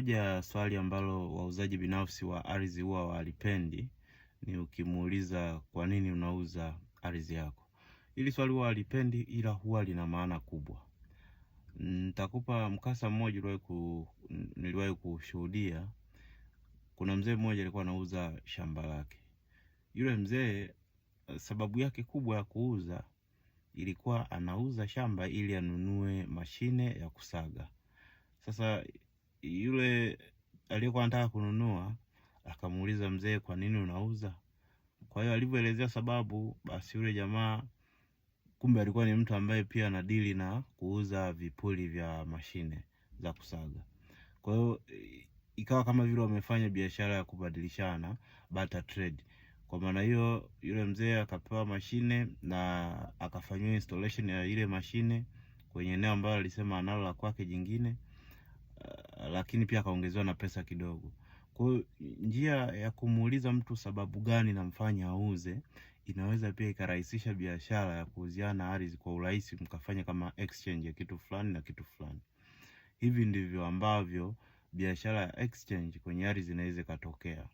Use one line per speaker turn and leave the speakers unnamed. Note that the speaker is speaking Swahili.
Moja ya swali ambalo wauzaji binafsi wa ardhi huwa walipendi ni ukimuuliza kwa nini unauza ardhi yako. Hili swali huwa walipendi, ila huwa lina maana kubwa. Nitakupa mkasa mmoja niliwahi kushuhudia. Kuna mzee mmoja alikuwa anauza shamba lake. Yule mzee sababu yake kubwa ya kuuza ilikuwa anauza shamba ili anunue mashine ya kusaga. Sasa yule aliyekuwa anataka kununua akamuuliza mzee, kwa nini unauza? Kwa hiyo alivyoelezea sababu, basi yule jamaa kumbe alikuwa ni mtu ambaye pia ana dili na kuuza vipuli vya mashine za kusaga. Kwa hiyo ikawa kama vile wamefanya biashara ya kubadilishana, barter trade. Kwa maana hiyo, yule mzee akapewa mashine na akafanyiwa installation ya ile mashine kwenye eneo ambalo alisema analo la kwake jingine lakini pia akaongezewa na pesa kidogo. Kwa hiyo njia ya kumuuliza mtu sababu gani namfanya auze inaweza pia ikarahisisha biashara ya kuuziana ardhi kwa urahisi, mkafanya kama exchange ya kitu fulani na kitu fulani. Hivi ndivyo ambavyo biashara ya exchange kwenye ardhi inaweza ikatokea.